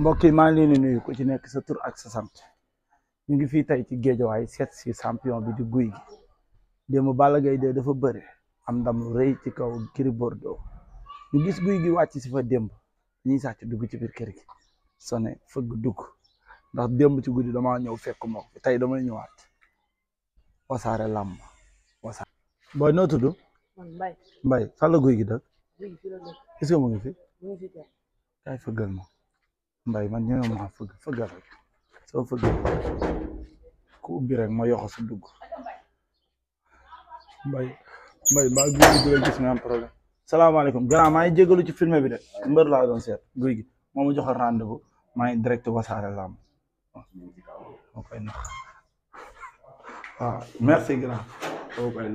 mbokk yi maa ngi leen di nuyu ku ci nekk sa tur ak sa sant ñu ngi fii tey ci géejawaay seet si champion bi di guy gi démb Balla Gaye de dafa bëri am ndam lu rëy ci kaw Gris Bordeaux ñu gis guy gi wàcc si fa démb ñuy sàcc dugg ci biir kër gi sone fëgg dugg ndax démb ci guddi damaa ñëw fekk moom tey damay ñëwaat wasaare làmb wasaare. booy noo tudd. Mbaye Mbaye fan guy gi dëkk. est que mu ngi fi. kay fëggal ma. mbay man ñëw ma fëgg fëggal rek soo ku ubbi rek ma yoxo su dugg mbay mbay mbaa guy gi la gis nga am problème salaamaaleykum grand maa ngi jégalu ci filme bi de mbër laa doon seet guy gi moo ma jox rendez-vous maa ngi direct wasaare lamb moo koy nax waaw ah, merci grand moo koy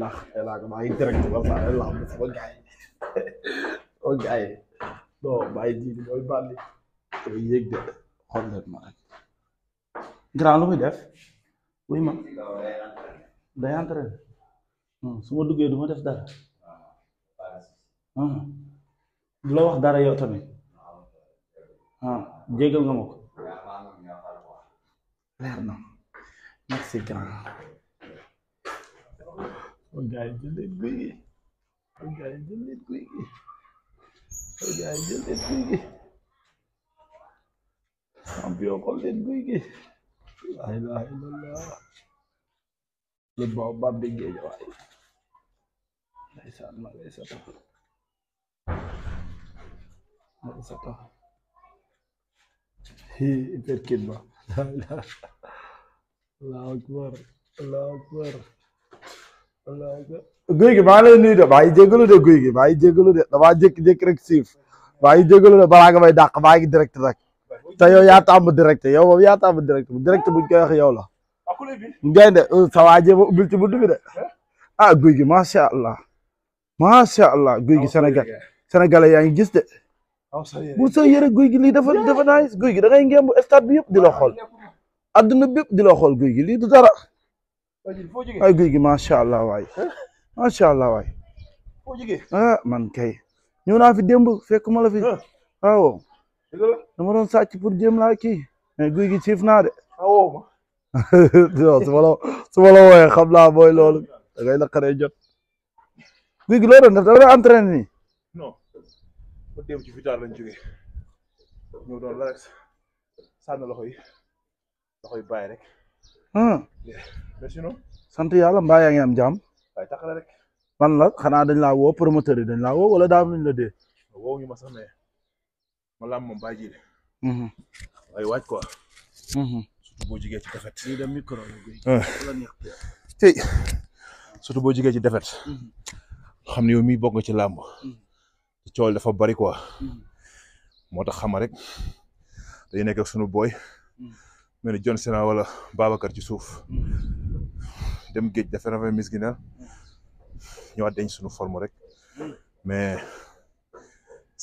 mooy bàlli yooyu yéeg de xool leen ma rek grand lu muy def wuy ma day entraîné hmm, su ma duggee du ma def dara hmm. du la wax dara yow tamit hmm, nga ma ko leer na merci grand oh, gaay jëleen guy gi oh, gaay jëleen guy gi oh, gaay jëleen guy gi champion ko leen guy gi la ilaha illallah le baobab bi géej waay ndeysaan ma ngay sata ma ngay sata hi perkit ba la ilaha allahu akbar allahu akbar allahu akbar guy gi maa ngi lay nuyu de maa ngi jégalu de guy gi maa ngi jégalu de damaa jékki-jékki rek siif maa ngi jégalu de balaa nga may dàq maa ngi direct rek te yow yaa tàmm direct yow moom yaa tàmm direct direct bu koy wax yow la. gaynde sa waa jéem a ubbil ci bunt bi de eh? ah guy gi macha allah macha allah guy gi ah, senegal sénégalais yaa ngi gis de. Ah, bu soo yëre guy gi lii dafa dafa nice guy gi da ngay ngemb stade bi yëpp di la xool adduna bi yëpp di la xool guy gi lii du dara ay guy gi macha allah waay eh? macha allah waay ah man kay ñëw naa fi démb fekk ma la fi eh? ah, waaw. dama doon sàcc pour jéem laa kii mais guy gi ciif naa de. awoo ah, su ma la su ma la wooyee booy loolu da ngay naqaree jot. guy gi loo da doon entraîné nii. non. ba dem ci vitaar lañ jógee ñëw doon rek sànni loxo yi loxo yi bàyyi rek. Hmm. mais sinon. sant yàlla mbaa yaa ngi am na rek. man la dañ laa woo promoteur yi dañ woo wala daa am luñ la dee. wala moom baa ji mm-hmm. ay waaj quoi. Mm-hmm. surtout boo jigee ci defet. lii dem ah. boo jigee ci defet. Mm-hmm. xam ne yow mi bokk nga ci làmb. cool dafa bari quoi. moo tax xama rek dañu nekk sunu booy. mel ni John Sena wala Babacar ci suuf. dem géej dafa rafet mis gi ñëwaat dañ sunu forme rek mais.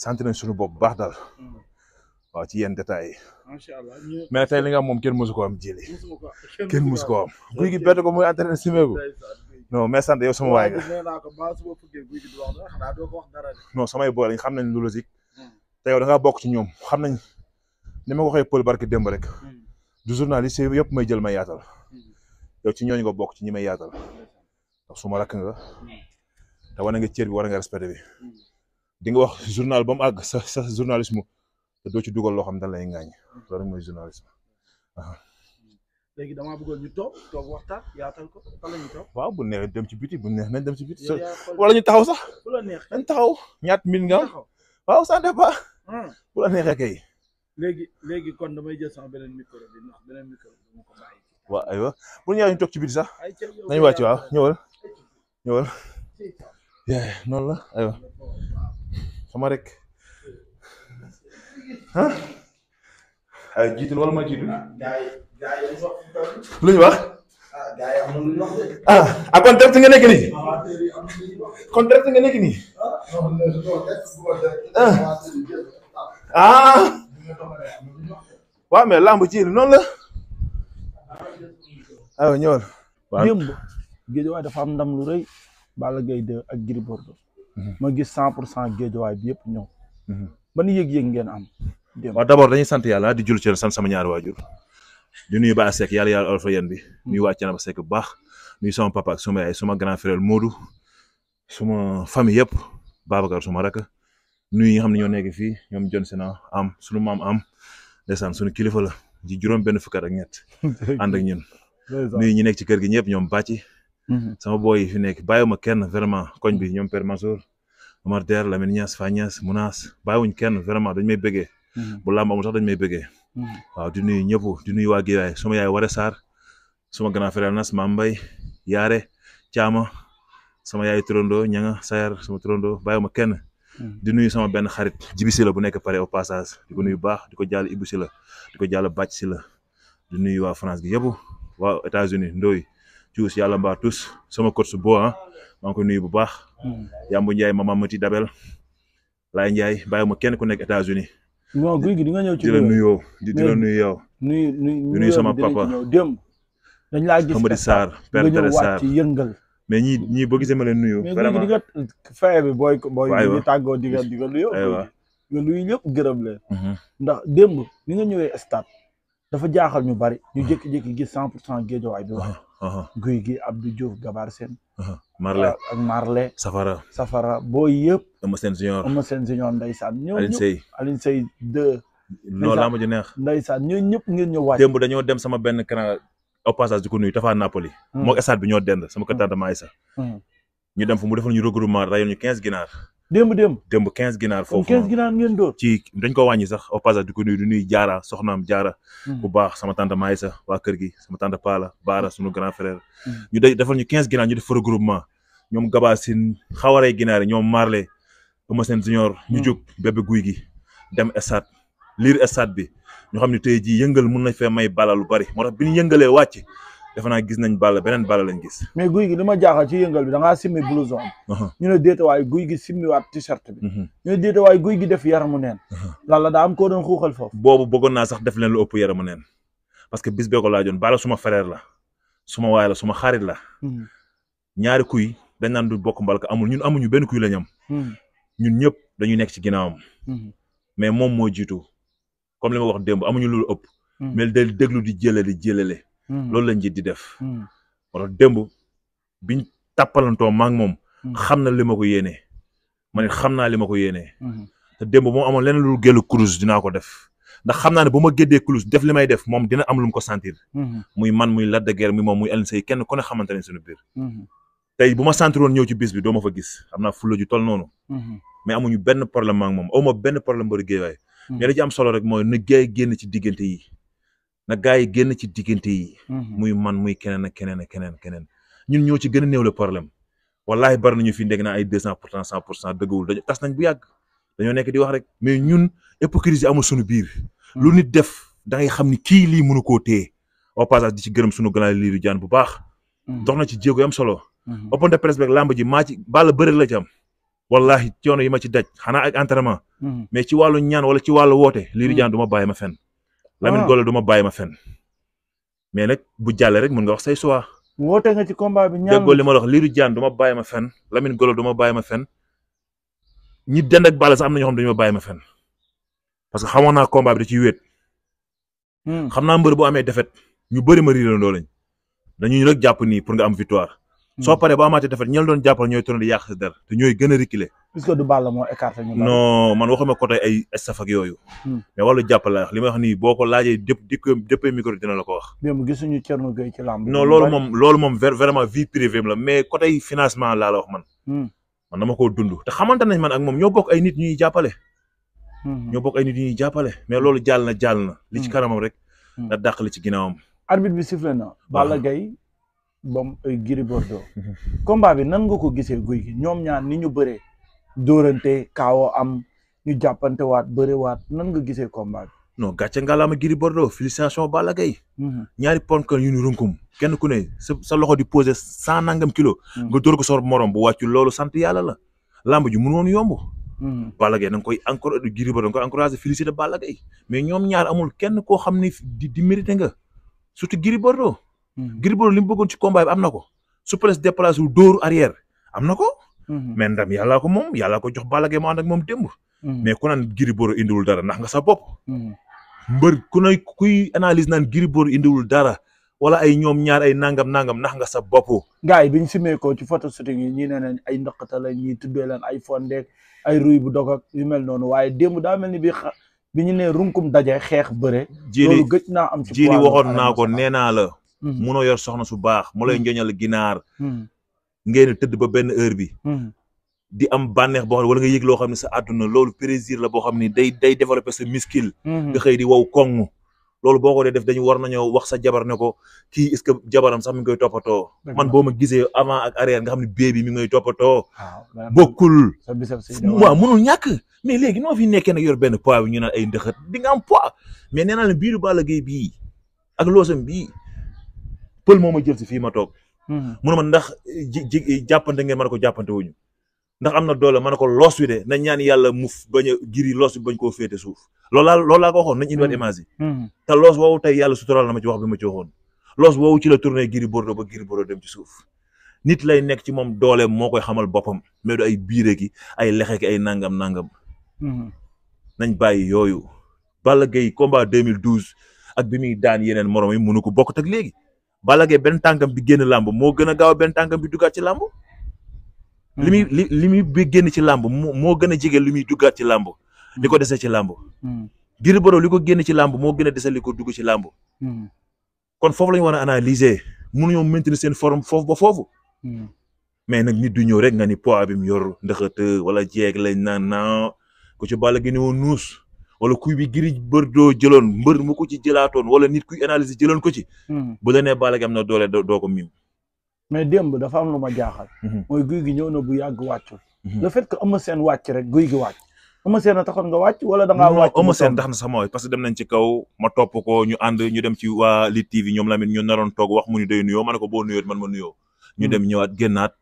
sant nañ suñu bopp baax daal hmm. waaw ci yenn détails yi. macha allah mais tey li nga am moom kenn mësu ko am jëli. kenn mësu ko am guy gi bett ko muy entraîné simeeku. non mais sant yow sama waay nga. non samay booy xam nañ lu logique. Hmm. te yow da bokk ci ñoom xam nañ ni ma ko waxee Pël barki démb rek. Hmm. du journaliste yëpp may jël may yaatal. yow ci ñooñu nga bokk ci ñi may yaatal. ndax su ma rakk nga. te wane nga cër bi war nga respecté bi. di nga wax journal ba mu àgg sa sa journalisme te doo ci dugal loo xam ne dañ lay ngaañ mooy journalisme léegi damaa bëggoon ñu toog toog waaw bu neexee dem ci biti bu neex nañ dem ci biti. wala ñu taxaw sax. bu neex nañ taxaw ñaat min nga waaw ça dépend. bu hmm. la neexee kay. léegi léegi kon damay jël beneen beneen micro bi dama ko bàyyi. waaw aywa bu ñu ñëwee ñu toog ci biti sax nañ wàcc waaw ñëwal ñëwal. noonu la aywa. sama rek ah ay jiital wala ma jiital. Ah, lu ñu wax. Ah, ah ah kon def nekk nii. kon def nekk nii. ah. waaw mais làmb ci noonu la. aywa ñëwal. waaw démb. géej waaye dafa am ndam lu rëy. Balla Gaye 2 ak Gris Bordeaux Mhm. ma gi cent pour cent géejawaay bi yëpp ñëw. Mhm. ban yëg-yëg ngeen am. waaw d'abord dañuy sant yàlla di jul ci sant sama ñaari waajur di nuyu Ba Seck yàlla yàlla olfa yéen bi mhm. nuyu waa Thiénaba ba bu baax nuyu sama papa ak sama yaay sama grand frère Modou suma famille yëpp Babacar suma rakk nuyu ñi nga xam ne ñoo nekk fii ñoom John Sena am sunu maam am ndeysaan sunu kilifa la ji juróom benn fukkat ak ñett ànd ak ñun nuyu ñu nekk ci kër gi ñëpp ñoom bàcci Mhm. sama boy yi fi nekk bàyyiwuma kenn vraiment koñ bi ñoom Père Mansour Omar Der Lamine Niass Fa Niass Mounas bàyyiwuñ kenn vraiment dañ may bëggee. Mhm. bu làmb sax dañ may bëggee. Mhm. waaw di nuyu ñëpp di nuyu waa Guèye sama yaay Waré Sarr sama grand frère Nas Maam Mbaye Yaare Caama sama yaay Torondo ñanga Sayar sama Torondo bàyyiwuma kenn. di nuyu sama benn xarit Jibi Sila bu nekk pare au passage di ko nuyu baax di ko jàll Ibou Sila di ko jàll Bàcc Sila di nuyu waa France gi yëpp waa États-Unis Ndoye. cuus yàlla mbaa tous sama kot bo ah maa ngi ko nuyu bu baax. Hmm. Yambu Ndiaye mama Mati Dabel Laye Ndiaye bàyyi ma kenn ku nekk États-Unis non guy gi di nga ñëw ci di la nuyoo di la nuyu yow. nuyu nuyu nuyu sama papa démb dañ laa gis Amady Sarr Père Tere Sarr yëngal. mais ñii ñii gisee ma leen nuyu. vraiment mais guy gi di nga fay bi booy booy ñu tàggoo di nga di nga nuyoo. nga nuyu ñëpp leen. Mm-hmm. ndax démb ni nga ñëwee stade dafa jaaxal ñu bari ñu jékki-jékki gis 100 pour cent bi wax. Uh-huh. Uh-huh. guy gi Abdou Diouf Gabar Sène uh-huh. Marle uh, ak Marle Safara Safara boo yëpp Eumeu Sène Junior Eumeu Sène Junior ndeysaan ñoo Alioune Seye Alioune Seye deux noonu laa ma ji neex ndeysaan ñoo ñëpp ngeen ñu wàcc démb dañoo dem sama benn canal au passage di ko nuyu Tafa Napoli hmm. moo stade bi ñoo dend sama kër hmm. tante Maïssa hmm. ñu dem fu mu defal ñu regroupement rayon ñu quinze ginaar démb démb démb quinze ginaar foofu quinze ginaar ngeen dóor ci dañ ko wàññi sax au passage di ko nuyu du nuy jaara soxnaam jaara hmm. bu baax sama tante sax waa kër gi sama tante Paala Baara sunu grand frère hmm. ñu de defal ñu quinze ginaar ñu def regroupement ñoom gabaa sin xawaree ginaar yi ñoom marle ëma seen junior ñu hmm. jóg bébé guy gi dem stade liir stade bi ñoo xam ne tey jii yëngal mun nañ fee may bala lu bari moo tax bi ñu yëngalee wàcc defe gis nañ Balla beneen bala lañ gis. mais guy gi li ma jaaxal ci yëngal bi da ngaa simmi blouson uh-huh. ñu ne déetawaay guy gi simmiwaat t-shirt bi. Uh-huh. ñu ne déetawaay guy gi def yaramu neen. Uh-huh. lan la daa am koo doon xuuxal foofu. boobu bëggoon naa sax def leen lu ëpp yaramu neen parce que bis bee ko laajoon Balla suma frère la suma waay la suma xarit la. Hmm. ñaari kuy dañ naan du bokk mbalka amul ñun amuñu benn kuy la ñam. Hmm. ñun ñëpp dañuy nekk ci ginnaawam. Hmm. mais moom moo jiitu comme la ma wax démb amuñu lu ëpp. mais déglu di jëlale di jëlale Hmm. loolu la njiit di def. wala hmm. démb biñ tàppalantoo ma moom. Hmm. xam na li ma ko yéenee. ma ne xam naa li ma ko yéene te démb moom amoon leneen lu gëlu kurus dinaa ko def. ndax xam naa ni bu ma géddee kulus def li may def moom dina am lu mu ko sentir. muy man muy Lac de Guiers muy moom muy Alioune Seye kenn ku ne xamante ne suñu biir. te bu ma sentir ñëw ci bis bi doo ma fa gis xam naa fulla ju toll noonu. mais amuñu benn problème ak moom aw ma benn problème bari géewaay. mais li am solo rek mooy nu géey génn ci diggante yi. na gars yi génn ci diggante yi. Mhm. muy man muy keneen ak keneen ak keneen keneen ñun ñoo ci gën a néew le problème wallahi bari nañu fi ndeg na ay deux cent pour cent cent pour cent dëggawul dañu tas nañ bu yàgg dañoo nekk di wax rek mais ñun hypocrisie amul suñu biir. Mhm. lu nit def da ngay xam ni kii lii mënu koo téye au passage di ci gërëm suñu gannaaw liiru jaan bu baax. Mhm. dox na ci jéego am solo. open de presse beeg làmb ji maa ci bala bëri la ci am. wallahi coono yi ma ci daj xanaa ak entraînement. mais ci wàllu ñaan wala ci wàllu woote. liiru jaan du ma bàyyi ma fenn Lamine Golo du ma bàyyi ma fen mais nag bu jàllee rek mun nga wax say choix. woote nga ci combat bi ñaan déggoo li ma wax Lirou Diane du ma bàyyi ma fen Lamine Golo du ma bàyyi ma fen ñi dend ak Balla sax am na ñoo xam dañu ma bàyyi ma fen parce que xamoon naa combat bi da ciy wéet. Hmm. xam naa mbër boo amee defet ñu bëri ma riirandoo lañ dañuy rek jàpp nii pour nga am victoire. Hmm. soo paree ba amaatee defet ñi doon jàpp ñooy tourné di yàq sa der te ñooy gën a reculer puisque du Balla moo écarté ñu. non man waxuma côté ay staff yooyu. Hmm. mais wàllu jàpp la li ma wax nii boo ko laajee dëpp dëppee micro dina la ko wax. démb gisuñu Thierno Gueye ci lamb. non loolu moom loolu vie privée la mais côté financement laa wax man. Hmm. man dama koo dund te xamante nañ man ak moom ñoo bokk ay nit ñuy jàppale. Hmm. ñoo bokk ay nit ñuy jàppale mais loolu jàll na jàll na. li ci kanamam rek. da dàq li ci ginnaawam. arbitre bi sifflé na. Balla Gaye bom Gris Bordeaux. combat bi nan nga ko gisee gi ñoom ñaar ni ñu dóorante kaawoo am ñu jàppante waat bëriwaat nan nga gisee combat bi. non gàcce ngalaama Gris Bordeaux félicitation Balla Gaye mhm. ñaari ponkal yu ñu runkum kenn ku ne sa sa loxo di posé cent nangam kilo. Mhm. nga dóor ko sa morom bu wàccu loolu sant yàlla la. lamb ji mënoon yomb. Mhm. Balla Gaye da koy encore Gris Bordeaux da nga koy encouragé félicité Balla Gaye mais ñoom ñaar amul kenn ko xam ni di di mérité nga surtout Gris Bordeaux. Gris Bordeaux li mu bëggoon ci combat bi am na ko souplesse déplacé wu dóoru arrière am na ko. Mhm. mais ndam yàllaa ko moom yàllaa ko jox balage Gaye mu moom démb. Mhm. mais ku naan Gris Bordeaux indiwul dara ndax nga sa bopp. Mhm. mbër ku na kuy analyse naan Gris Bordeaux indiwul dara. wala ay ñoom ñaar ay nangam nangam nax nga sa bopp. gars yi bi ñu simee ko ci photo shooting yi ñii ne nañ ay ndoxata la ñuy tuddee leen ay fondeek ay ruy bu dog ak yu mel noonu waaye démb daa mel ni bi xa bi ñu nee runkum daje xeex bëre. loolu gëj naa am ci jiili waxoon naa ko nee naa la. munoo yor soxna su baax mu lay njoñal ginaar. ngeen tëdd ba benn heure bi. Hmm. di am bànneex boo xam ne wala nga yëg loo xam ne sa àdduna loolu plaisir la boo xam ne day day développer sa muscle. Hmm. nga xëy di wow koŋŋ. loolu boo ko dee def dañu war nañoo wax sa jabar ne ko kii est-ce que jabaram sax mi ngi koy toppatoo. man boo ma gisee avant ak nga xam ne bee bi mi ngi koy toppatoo. bokkul. waaw mënul ñàkk. mais léegi noo fi nekkee nag yor benn poids bi ñu naan ay ndëxët di nga am poids mais nee naa leen biiru Balla Gaye bi ak loosam bii pël moo ma jël si fii ma toog. Mm-hmm. mu ne ma ndax ji ji jàppante ngeen mën ko jàppante wuñu ndax am na doole mën ko loos wi de nañ ñaan yàlla muf bañ a giri loos bi bañ koo féete suuf loolu laa loolu laa ko waxoon nañ indiwaat mm-hmm. image yi mm-hmm. te loos woowu tey yàlla sutural na ma ci wax bi ma ci waxoon loos ci la tourné giri bordeaux ba giri bordeaux dem suuf nit lay nekk ci moom dooleem moo koy xamal boppam mais du ay biire ki ay lexe ay nangam nangam nañ bàyyi yooyu Balla Gaye combat 2012 ak bi muy daan yeneen moroom yi mënu ko bokk tak léegi Balla Gaye benn tànkam bi génn làmb moo gën a gaaw benn tànkam bi duggaat ci làmb. Hmm. li muy li li muy bi génn ci làmb moo gën a jege li muy duggaat ci làmb. li hmm. ko dese ci làmb. Hmm. Gris Bordeaux li ko génn ci làmb moo gën a dese li ko dugg ci làmb. kon foofu la ñu war a analyser mënuñoo maintenir seen form foofu ba foofu. mais nag nit du ñëw rek nga ni poids bi mu yor ndëxët wala jeeg lañ naan naa ko ci Balla Gaye ni wala kuy bi bër Bordeaux jëloon mbër mu ko ci jëlaatoon wala nit kuy analyse jëloon ko ci. Hmm. bu la nee Balla am na doole doo ko miim. mais démb dafa am lu ma jaaxal. Hmm. mooy guy gi ñëw na bu yàgg wàccul. Hmm. le fait que Eumeu seen wàcc rek guy gi wàcc. Eumeu seen a taxoon nga wàcc wala da ngaa wàcc. Eumeu Sène tax na parce que dem nañ kaw ma topp ko ñu ànd ñu dem ci waa Lutte TV ñoom Lamine ñu naroon toog wax mu ni day nuyoo ma ne ko boo nuyoo man ma nuyoo. ñu dem ñëwaat génnaat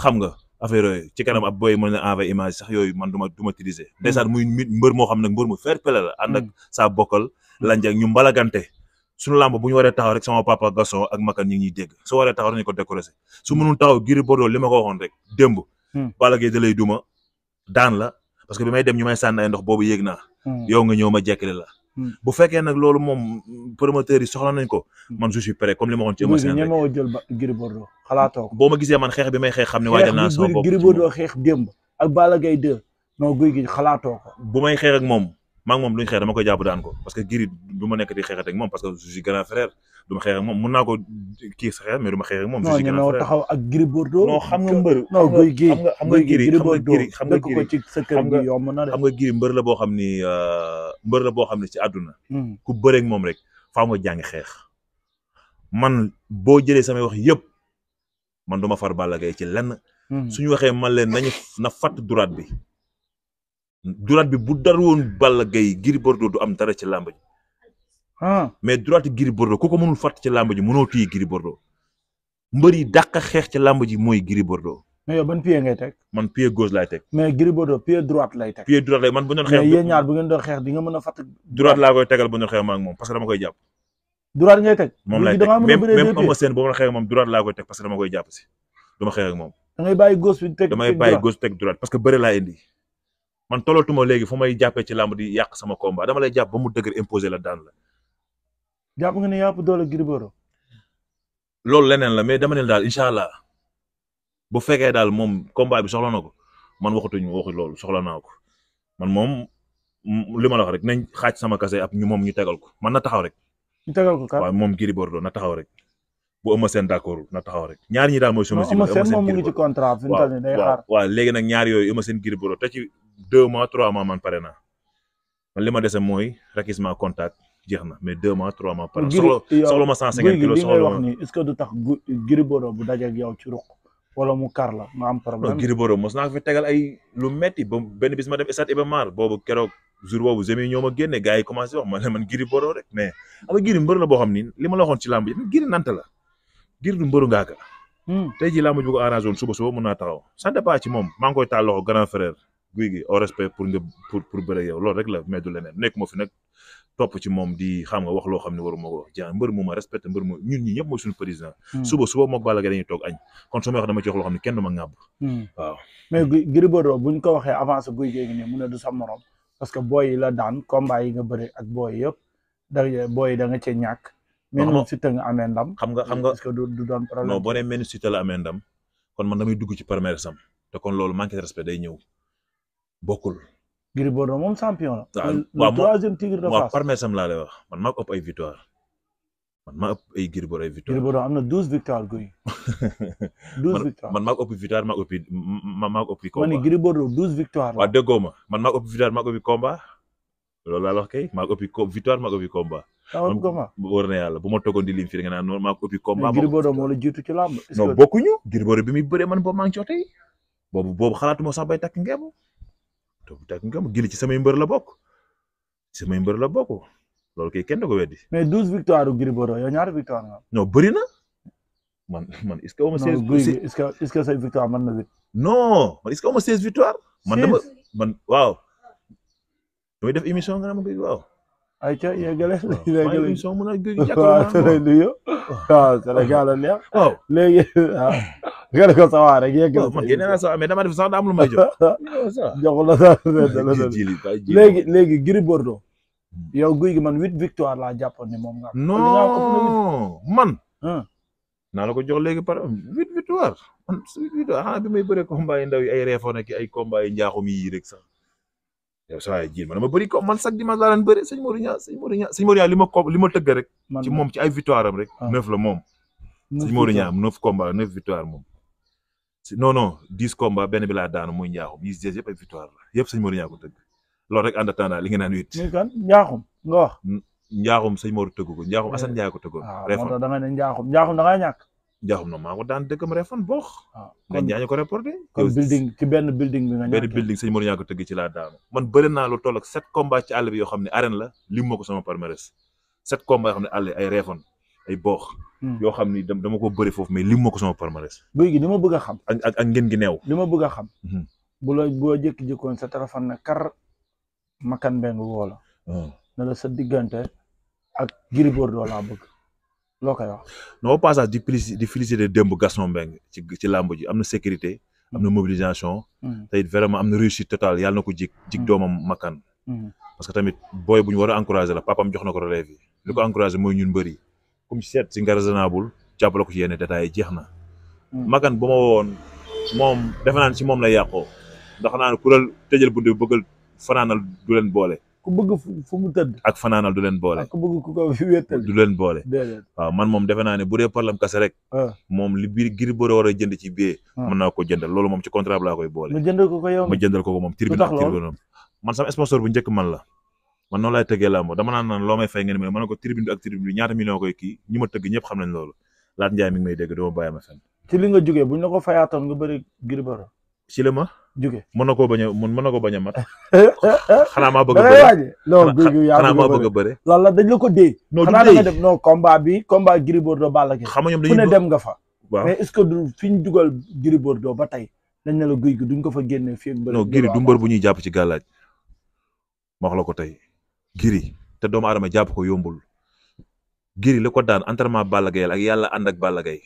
xam nga affaire yooyu ci kanam ab image sax yooyu man du ma du ma utiliser hmm. ndeysaan muy mbër moo xam nag mbër la ànd ak hmm. saa bokkal hmm. lanjak ñu mbalagante suñu làmb taxaw rek sama papa Gasson ak Makan ñu ngi su waree taxaw rek ñu ko décorer rek démb Balla Gaye da lay duma daan la parce que bi may dem ñu may sànni ay ndox boobu yéeg naa nga ñëw ma jekkale Hmm. bu fekkee nag loolu moom promoteur yi soxla nañ ko. Hmm. man je suis prêt comme li ma waxoon ci Eumeu Sène rek ñemewu jël ba Gris Bordeaux xalaatoo ko. ma gisee man xeex bi may xeex xam ne waajal naa sama bopp. xeex bi Gris Bordeaux xeex ak Balla Gaye 2 guy gi xalaatoo ko. bu may xeex ak moom maa ngi moom luñ xeex dama koy jàpp daan ko parce que Gris du ma nekk di moom parce que je suis grand frère du ma xeex mun naa ko kii sa xeex ma xeex ak moom. je suis grand frère non ñoo taxaw ak Gris Bordeaux. non xam nga mbër. non guy gii xam nga Gris xam nga Gris xam la boo xam ni euh, mbër la boo xam ne ci àdduna. Hmm. ku bëreeg moom rek faa nga jàng xeex. man boo jëlee samay wax yëpp man du ma far Balla Gaye ci lenn. Hmm. suñu waxee man leen nañu na fàtt duraat bi droite bi bu dar woon Balla Gaye Gris Bordeaux du am dara ci làmb ah. mais droite Gris Bordeaux ku ko xeex ci làmb mooy Gris Bordeaux. mais yow ñaar bu ngeen xeex di nga mën a fàtt. droite laa koy tegal bu ñu xeex ma moom parce dama koy jàpp. droite ngay teg. moom laay teg même même ma xeex moom droite laa koy teg parce dama koy jàpp si. dama xeex moom. da bàyyi gauche bi teg droite damay bàyyi laa indi man tollootuma léegi fu may jàppee ci làmb di yàq sama combat dama lay jàpp ba mu dëgër imposé la daan la. jàpp nga ne yàpp doole Gris loolu leneen la mais dama ne daal incha allah bu fekkee daal moom combat bi soxla na ko man waxatuñ waxi loolu soxla naa ko man moom mm, li ma la wax rek nañ xaaj sama kase ab ñu moom ñu tegal ko man na taxaw rek. ñu tegal ko waaw moom Gris Bordeaux na taxaw rek. bu Eumeu Sène d'accord na taxaw rek ñaar ñi daal mooy. sunu si Eumeu Sène moom mu ngi ci contrat fi mu toll nii day xaar waaw léegi nag ñaar yooyu Eumeu Sène deux mois trois ma man pare naa li ma dese mooy rakisement contact jeex na mais deux mois trois mois pare soxla soxla ma cent cinquante kilos soxla ma wax ni est-ce que du tax Gris Bordeaux bu dajeeg yow ci ruq wala mu kar la nga am problème Gris Bordeaux mos naa ko fi tegal ay lu metti ba benn bis ma dem stade Iba Mar boobu keroog jour boobu jemi ñoo ma génne gars yi commencé wax ma ne man Gris Bordeaux rek mais ama Gris mbër la boo xam ni li ma la waxoon ci làmb yi Gris nanta la Gris du mbëru ngaaka hmm. tey ji ji bu ko arrangé suba suba mën naa taxaw ça dépend maa ngi koy taal loxo guy gi au respect pour nga pour pour loolu rek la mais du leneen nekk ma fi nag topp ci moom di xam nga wax loo xam ne war ko wax jaa mbër mu ma respecté mbër mu ñun ñi hmm. ma wax dama ci wax loo xam hmm. que booy la daan combat yi nga bëri ak booy yëpp da booy yi da nga cee ñàkk. nga amee ndam. xam nga xam nga est-ce la amee kon man damay dugg ci parmèresam te kon loolu manque respect day ñëw bokkul. Gris Bordeaux moom champion la. waaw le troisième tigre de Fass. par mesam laa man maa ko ay victoire man maa ëpp victoire. Gris Bordeaux am na douze victoire guy. douze victoire ma maa ko ëpp combat. ma ni Gris Bordeaux douze victoire la. waaw déggoo ma man maa ko ëpp victoire maa ko ëpp combat loolu laa na yàlla bu ma toogoon di lim fii naan noonu maa ko ëpp combat. moo la jiitu ci làmb. bokkuñu Gris Bordeaux bi muy bëree man boobu maa ngi cootee boobu boobu xalaatuma sax bay takk ngeem Toobu Takk Ngom Gris ci samay mbër la bokk ci mbër la bokk loolu kay kenn du ko weddi. mais douze victoire Gris Bordeaux yow ñaari victoire nga. non bëri na man man est-ce que. non est-ce que est-ce victoire man na huit. man est-ce que nga ne ma gëj waaw. ayca yeggale. waaw maa mun a gëj. waaw Sénégal la neex. waaw nga ne ko sa waa rek yegg man sa mais dama def sax daa léegi léegi Gris Bordeaux. Hmm. yow guy gi man huit victoire laa jàppoon ne moom nga. non man. naa la ko jox léegi par huit victoire man huit victoire ah bi may bëree combat yi ay reefoo nekk ay combat yi njaaxum yi rek sax. yow saa yi jiir man ma bëri ko man chaque dimanche laa daan bëri sëñ Modou Niang sëñ Modou Niang sëñ Modou li ma ko li ma rek. ci moom ci ay victoire rek. Ah. neuf la moom. neuf victoire sëñ Modou Niang neuf combat neuf victoire moom. non non dix combats benn bila laa daanu muy njaaxum yi des yëpp ay victoire la yëpp sëñ Modou ñaa ko tëgg loolu li nga naan huit. muy kan njaaxum nga wax. njaaxum sëñ Modou tëggu ko njaaxum eh. ah, refon waaw da nga ne njaaxum njaaxum da ngaa ñàkk. njaaxum non maa ko daan dëkkam refon boox. nga ñaañu ko reporté. kon building ci benn building bi nga ñàkkee benn building sëñ Modou ñaa ko tëgg ci laa daanu. man bëri naa lu toll ak sept ci àll bi yoo xam ne arène la lim ma ko sama palmarès sept combats yoo xam ne àll ay refon ay boox Hmm. yoo xam ni dama ko bëri foofu mais lim ma ko sama palmarès. guy gi li ma bëgg a xam. ak ak ak ngeen gi neew. li ma bëgg a xam. Hmm. bu la boo sa téléphone na kar makan beng woo la. Hmm. na la sa diggante ak Gris Bordeaux laa bëgg. loo ko wax. non passage di féliciter de féliciter démb Gaston Mbengue ci ci ji am na sécurité. am na mobilisation. te it vraiment am na réussite totale yàlla na ko jig jig doomam makkan. parce que tamit booy bu ñu war a encourager la papam jox na ko relève yi. li mooy ñun mbër ku um mu seet si nga raisonnable jàppale ko ci yenn détails jeex na. Hmm. Makan bu ma woon moom defe naa ne moom la yàqoo ndax naa ne ku la tëjal bunt bi bëggal fanaanal du leen boole. ku bëgg fu mu tëdd. ak fanaanal du leen boole. ak ku bëgg boole. man moom defe naa ne bu dee problème rek. Ah. moom li biir ngir bëri war a jënd ci bee. Ah. mën ko jëndal loolu moom ci contrat bi laa koy boole. ma jëndal ko ko yow ma jëndal ko moom. tribune ak tribune man sama sponsor bu njëkk man la. man noonu laay tëggee làmb dama naan naan loo may fay ngeen may ma ne ko tribune bi ak tribune bi ñaata million koy kii ñi ma tëgg ñëpp xam nañ loolu Laat Ndiaye mi may dégg dama bàyyi ma fenn. ci li nga jugee buñ la ko fayaatoon nga bëri Gris Bordeaux. ci la ma. jugee mën na koo bañ a mën na ko bañ a mat. xanaa maa bëgg a bëri non xanaa maa bëgg a bëri. loolu la dañ la ko dee. non du dee xanaa da nga def non combat bi combat Gris Bordeaux Balla Gaye. xam nga ñoom dañuy fu ne dem nga fa. waaw mais est du fi ñu dugal Gris Bordeaux ba tey dañ ne la guy gi duñ ko fa génne fii ak. bëri non du mbër bu ñuy jàpp ci gàllaaj ma wax la ko tey giri te doomu aadama jàpp ko yombul giri li ko daan entraînement Balla Gaye ak yàlla ànd ak Balla Gaye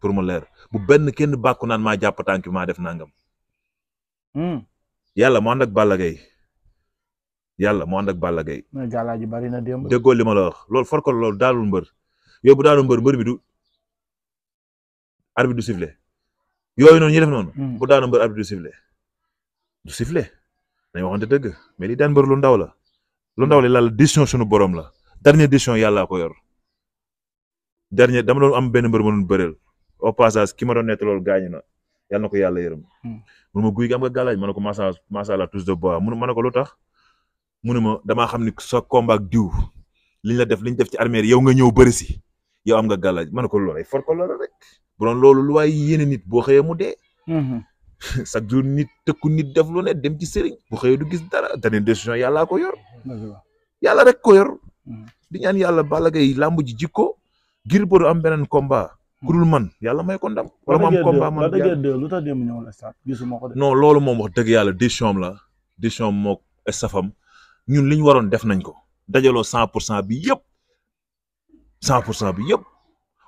pour mu leer bu benn kenn bàkku naan maa jàpp tànk ma def nangam. Hmm. yàlla mu ànd ak Balla Gaye yàlla mu ànd ak Balla Gaye. gàllaaji bari na démb. déggoo li ma la wax loolu for ko loolu daalul mbër yow bu daalul bi du arbitre du sifflé yooyu ñuy def noonu. Hmm. bu daalul mbër arbitre du sifflé du sifflé dañu waxante dëgg mais li daan mbër lu ndaw la. lu ndaw li laal décision suñu borom la dernière décision yàllaa ko yor dernier dama doon am benn mbër ma doon bëreel au passage ki ma doon nettalool gaañu na yàlla na ko yàlla yërëm. Hmm. mun ma guy gi am nga gàllaaj ma ko macha macha allah tous de bois mun ma ne ko lu tax mu ne ma damaa xam ni sa combat ak diw liñ la def liñ def ci armée yow nga ñëw bëri si yow am nga gàllaaj ma ne ko loolay for ko loola rek bu doon loolu lu waay yéene nit boo xëyee mu chaque jour nit tëkku nit def lu ne dem ci sëriñ bu xëyee du gis dara dane décision yàllaa ko yor yàlla rek ko yor mm. di ñaan yàlla bala gay làmb ji jikko Gris Bordeaux am beneen combat mm. ku man yàlla may ko ndam wala mu am combat man lu tax dem ñëwul stade gisuma loolu moom wax dëgg yàlla décision am la décision am mook estafam ñun li ñu waroon def nañ ko dajaloo cent pour cent bi yëpp cent pour cent bi yëpp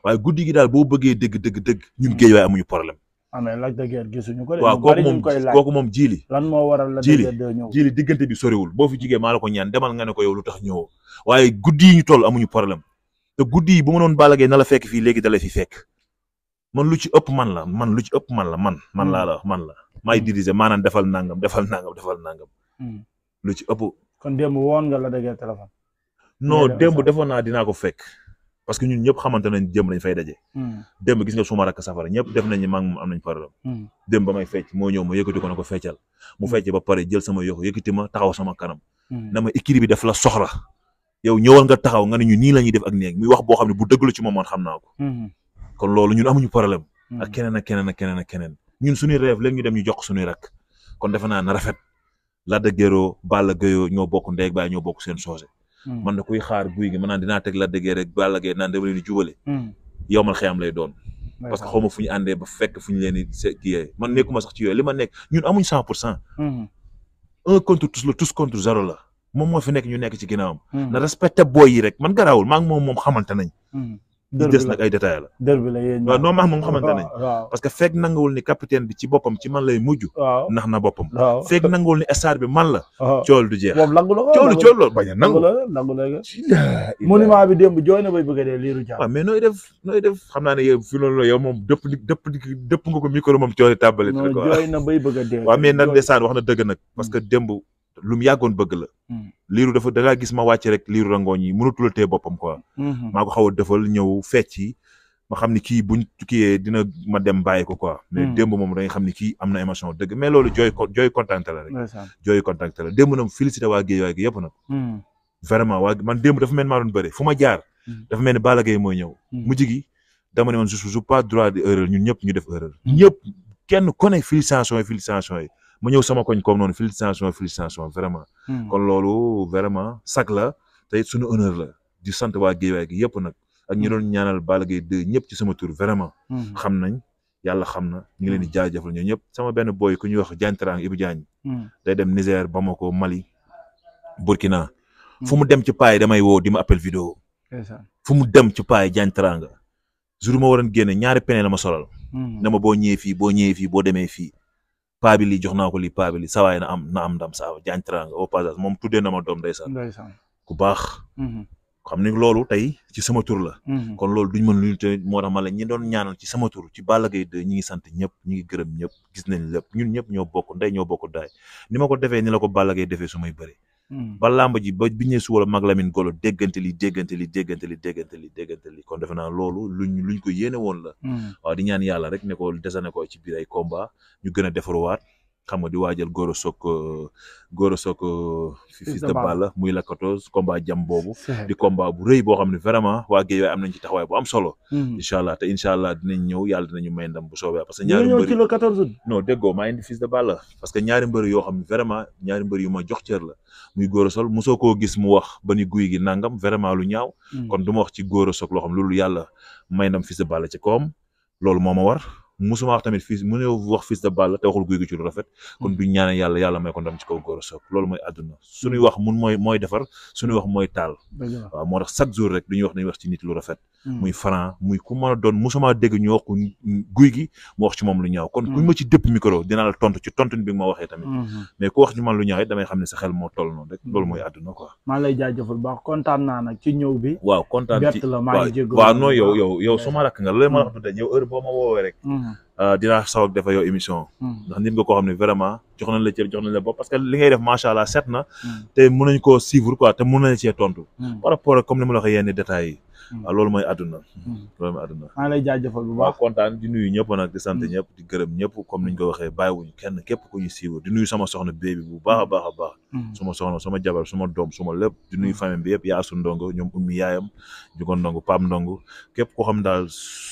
waaye guddi gi daal boo bëggee dëgg dëgg dëgg ñun géej waaye amuñu problème wa mais Lac de Guiers gisuñu ko de. waaw kooku moom kooku moom diggante bi soriwul fi jigee maa la ko demal nga ne ko yow lu tax ñëwoo waaye guddi yi te guddi yi bu ma doon Balla Gaye na fi fekk man lu ci ëpp man la man lu ci man la man man laa la man la maay mm. diriger maanaam defal nangam defal nangam defal nangam. Mm. lu ci ëpp. kon démb woon nga Lac de Guiers téléphone. non démb defoon a dinaa ko fekk. parce que ñun ñëpp xamante nañ démb dañ fay daje. Hmm. démb gis nga suma rakk safara ñëpp def nañ ni maa ngi am nañ problème. Hmm. démb ba may fecc moo ñëw ma yëkkati ko na ko feccal. mu hmm. fecc ba pare jël sama yox yëkkati ma taxaw sama kanam. na ma bi daf la soxla. yow ñëwal nga taxaw nga ne ñu nii la ñuy def ak néeg muy wax boo xam ne bu dëggalu ci moom man xam naa ko. kon loolu ñun amuñu problème. ak keneen ak keneen ak keneen ak keneen. ñun suñuy rêve léegi ñu dem ñu jox suñuy rakk kon defe naa na rafet. Lac de Guiers Balla Gaye ñoo bokk ndeeg baay ñoo bokk seen soose Hmm. man na kuy xaar guy gi man naan dinaa teg la déggee rek Balla Gaye naan leen jubale hmm. yow man xëyam lay doon parce que xaw ma fu ñu àndee ba fekk fu ñu leen di kii man nekkuma sax ci yooyu li ma nekk ñun amuñ cent pour cent hmm. un contre tous la tous contre zéro la moom moo fi nekk ñu nekk ci ginnaawam na respecté booy yi rek man garaawul maa ngi moom moom dër des nag ay détails la. dër bi la yéen waaw non max moom xamante nañ. parce que fekk nanguwul ni capitaine bi ci boppam ci man lay mujj. waaw na boppam. waaw fekk nanguwul ni stade bi man la. cool du jeex moom nangu la coolu coolu la la monument bi démb jooy na bay bëgg a dee liiru mais nooy def nooy def xam naa ne yow fi loolu yow moom dëpp dëpp dëpp nga ko micro moom cooli tàbbale. non jooy na bay bëgg a dee. de Sane wax na dëgg nag parce que hmm. démb. lu mu yàggoon bëgg la. Hmm. liiru dafa da laa gis ma wàcce rek liiru rangoon yi mënatul a téye boppam quoi. Hmm. maa ko xaw a defal ñëw fecci ma xam ni kii buñ kiyee dina ma dem bàyyi ko quoi. mais hmm. démb moom da nga xam ni kii am na émotion dëgg mais loolu jooy jooy contacté la rek. jooy contacté la démb nag félicité waa Guèye waay gi nag. vraiment man démb dafa mel maa doon bëri fu ma jaar. dafa mel ni Balla Gaye mooy ñëw. mujj gi dama ne woon je suis pas droit de erreur ñun ñëpp ñu def ñëpp kenn ku ne félicitation yi félicitation yi. ma ñëw sama koñ comme noonu félicitation félicitation vraiment. Hmm. kon loolu vraiment sag la te sunu suñu la di sant waa Guédiawaye gi yëpp nag. ak ñu hmm. doon ñaanal bal Gaye 2 ñëpp ci sama tur vraiment. Hmm. xam nañ yàlla xam na ñu ngi leen di jaajëfal ñoom ñëpp sama benn boy ku ñuy wax Diantarang Ibou Diagne. day dem Niger Bamako Mali Burkina. fu mu dem ci paay damay woo di ma appel vidéo. fu mu dem ci paay Diantarang jour ma waroon génne ñaari pene la ma solal. na ma boo ñëwee fii boo ñëwee fii boo demee fii. paa bi lii jox naa ko li paa bi lii sawaay na am na am ndam saa jaañ teraanga au passage moom tuddee na ma doom ndeysaan ku baax mm-hmm. xam ni loolu tey ci sama tur la mm-hmm. kon loolu duñ mën luñu te moo tax ma ñi doon ñaanal ci sama tur ci Balla Gaye 2 ñi ngi sant ñëpp ñi ngi gërëm ñëpp gis nañ lépp ñun ñëpp ñoo bokk ndey ñoo bokk daay ni ma ko defee ni la ko Balla Gaye defee su may bëri Hmm. ba làmb ji ba bi ñëwee suba la mag Lamine Golo déggante li déggante li déggante li déggante li déggante li kon defe naa loolu luñ luñ ko yéene woon la. Hmm. waaw di ñaan yàlla rek ne ko ne ko ci biir ay combat ñu gën a defaruwaat xam nga di waajal góor a soog euh, góor a soog euh, fils de Balla muy la 14 combat jam boobu di combat bu rëy boo xam ne vraiment waa géej am nañ ci taxawaay bu am solo hmm. incha allah te incha allah dinañ ñëw yàlla dinañu may ndam bu soobee parce que ñaari mbëri ci le 14 non déggoo maa indi fils de parce que ñaari mbëri yoo xam ne vraiment ñaari mbëri yu ma jox cër la muy góor sol mosoo koo gis mu wax ba ni guy gi nangam vraiment lu ñaaw hmm. kon du ma wax ci góor a loo xam loolu yàlla may ndam fils de Balla ci koom loolu moo ma war musuma wax tamit fils mu ne wax fils de Balla te waxul guy gi ci lu rafet kon hmm. duñ ñaane yàlla yàlla may ko ndam ci kaw góor a loolu mooy àdduna hmm. suñuy wax mun mooy mooy defar suñuy wax mooy taal moo tax ci nit lu rafet hmm. ko guy gi mu wax ci moom lu ñaaw kon kuñ ma ci la bi nga ma waxee tamit mais ku wax ci man lu ñaaw damay xam ne sa xel moo toll noonu rek loolu mooy àdduna quoi maa lay jaajëfal baax kontaan naa nag ci ñëw bi waaw kontaan ci waaw non yow rakk nga loolu ma wax du dañ yow heure boo ma woowee rek Euh, dinaa sawak defa yow émission hmm. ndax nit nga koo xam ne vraiment jox nañ la cër jox nañ la bopp parce que li ngay def macha allah set na hmm. te mën nañ koo suivre quoi te mën nañ cee tontu hmm. par rapport ak comme ni ma la waxee yenn détails yi Hmm. waaw loolu mooy àdduna hmm. loolu mooy àdduna maa ngi lay jaajëfal bu baax kontaan di nuyu ñëpp nag di sant ñëpp di gërëm ñëpp comme niñ ko waxee bàyyiwuñu kenn képp ku ñu siiw di nuyu sama soxna béebi bu baax a baax a baax hmm. suma soxna sama jabar suma doom suma lépp di nuyu famille bi yëpp yaasu ndongo ñoom ummi yaayam jugoon ndongo paam ndongo képp koo xam daal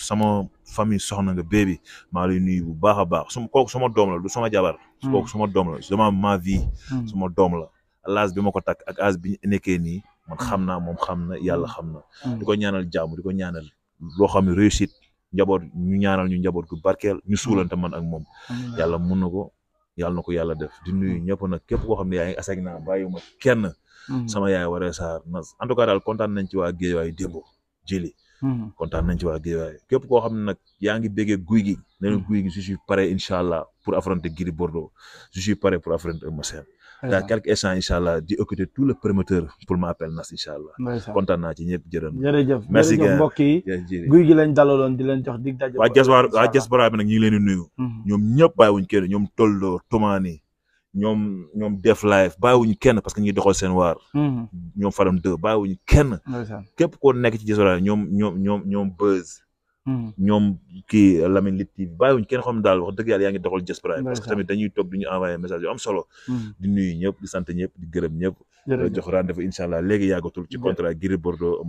sama famille soxna nga béebi maa lay nuyu bu baax a baax suma kooku suma doom la du sama jabar kooku suma doom la dama ma vie suma doom la laas bi ma ko takk ak as bi nekkee nii man xam naa moom xam na yàlla xam na. Mm. di ko ñaanal jàmm di ko ñaanal loo xam ne réussite njaboot ñu ñaanal ñu njaboot ku barkeel ñu suulante man ak moom. yàlla mun na ko yàlla ko yàlla def di nuyu ñëpp nag képp koo xam ne yaa ngi aseg naa ma kenn. Mm. sama yaay waree saar na en tout cas daal kontaan nañ ci waa Géejawaay démb jëli. Mm. kontaan nañ ci waa Géejawaay képp koo xam ne nag yaa ngi béggee guy gi. nee na guy gi je incha allah pour affronter Gris Bordeaux je suis prêt pour affronter daa quelques instants incha allah di occuper tout le promoteur pour ma appel nas incha allah. kontaan naa ci ñëpp jërëm. jërëjëf guy gi lañ dalaloon di leen jox dig daje. waa jaswaar waa jasbara bi nag nuyu. Mhm. ñoom ñëpp bàyyiwuñ kenn ñoom tolloo Tomaani ñoom ñoom def live bàyyiwuñ kenn parce que ñu ngi doxal seen waar. Mhm. ñoom faram deux bàyyiwuñ kenn. képp koo nekk ci jaswara ñoom ñoom ñoom ñoom buzz. Hmm. ñoom kii Lamine Lit TV bàyyiwuñ kenn xam daal wax dëgg yàlla yaa ngi doxal Diass parce que tamit dañuy toog du ñu envoyé message yu am solo hmm. di nuyu ñëpp di sant ñëpp di gërëm ñëpp jox rendez-vous incha allah léegi yàggatul ci contrat Gris Bordeaux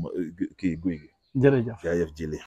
kii guy gi jërëjëf jaajëf jili